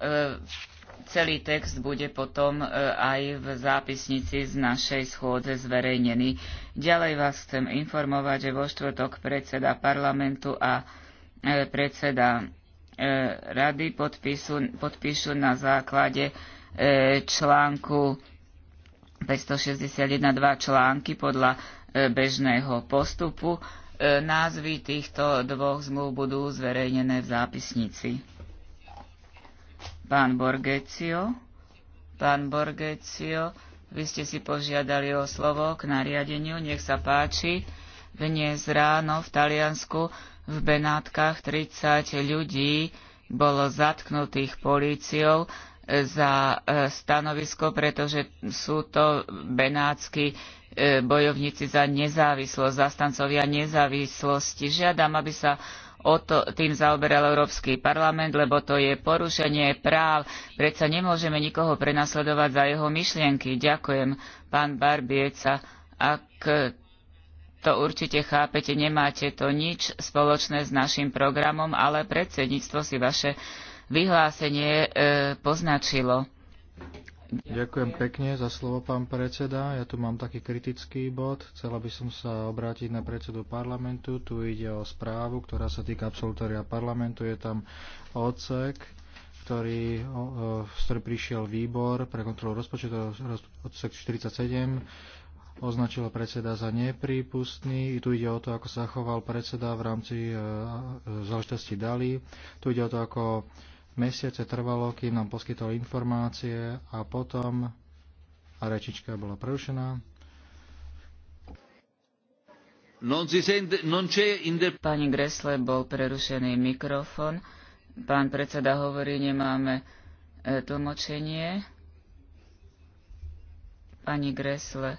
E, celý text bude potom e, aj v zápisnici z našej schôdze zverejnený. Ďalej vás chcem informovať, že vo štvrtok predseda parlamentu a e, predseda rady podpíšu, podpíšu na základe článku 561.2 články podľa bežného postupu. Názvy týchto dvoch zmluv budú zverejnené v zápisnici. Pán Borgecio, pán Borgecio, vy ste si požiadali o slovo k nariadeniu, nech sa páči. Dnes ráno v Taliansku v Benátkach 30 ľudí bolo zatknutých políciou za e, stanovisko, pretože sú to benátsky e, bojovníci za nezávislosť, zastancovia nezávislosti. Žiadam, aby sa o to, tým zaoberal Európsky parlament, lebo to je porušenie práv. Predsa nemôžeme nikoho prenasledovať za jeho myšlienky. Ďakujem, pán Barbieca. Ak to určite chápete, nemáte to nič spoločné s našim programom, ale predsedníctvo si vaše vyhlásenie e, poznačilo. Ďakujem pekne za slovo, pán predseda. Ja tu mám taký kritický bod. Chcela by som sa obrátiť na predsedu parlamentu. Tu ide o správu, ktorá sa týka absolutória parlamentu. Je tam odsek, ktorý, z ktorý prišiel výbor pre kontrolu rozpočtu, odsek 47, označila predseda za neprípustný. I tu ide o to, ako sa zachoval predseda v rámci e, e, záležitosti Dali. Tu ide o to, ako Mesiace trvalo, kým nám poskytol informácie a potom a rečička bola prerušená. Pani Gresle bol prerušený mikrofón. Pán predseda hovorí, nemáme e, tlmočenie. Pani Gresle, e,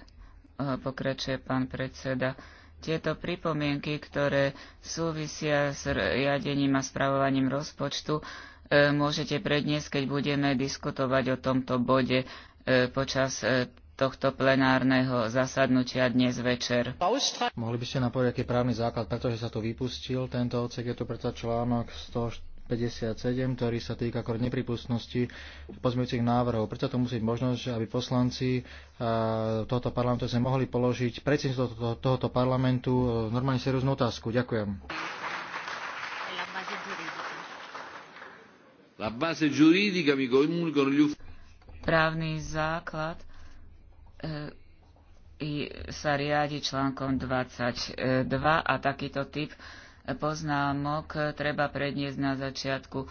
pokračuje pán predseda. Tieto pripomienky, ktoré súvisia s riadením a spravovaním rozpočtu, E, môžete predniesť, keď budeme diskutovať o tomto bode e, počas e, tohto plenárneho zasadnutia dnes večer. Mohli by ste nám povedať, aký právny základ, pretože sa tu vypustil tento odsek, je tu predsa článok 157, ktorý sa týka akor nepripustnosti pozmeňujúcich návrhov. Preto to musí byť možnosť, aby poslanci tohoto parlamentu sa mohli položiť predsedníctvo tohoto parlamentu normálne serióznu otázku. Ďakujem. Právny základ e, sa riadi článkom 22 a takýto typ poznámok treba predniesť na začiatku e,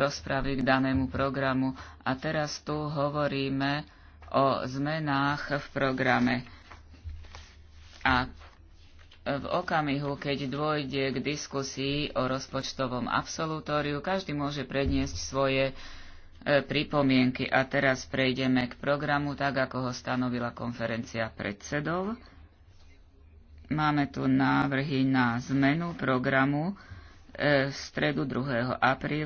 rozpravy k danému programu. A teraz tu hovoríme o zmenách v programe. A v okamihu, keď dôjde k diskusii o rozpočtovom absolutóriu, každý môže predniesť svoje e, pripomienky. A teraz prejdeme k programu, tak ako ho stanovila konferencia predsedov. Máme tu návrhy na zmenu programu e, v stredu 2. apríla.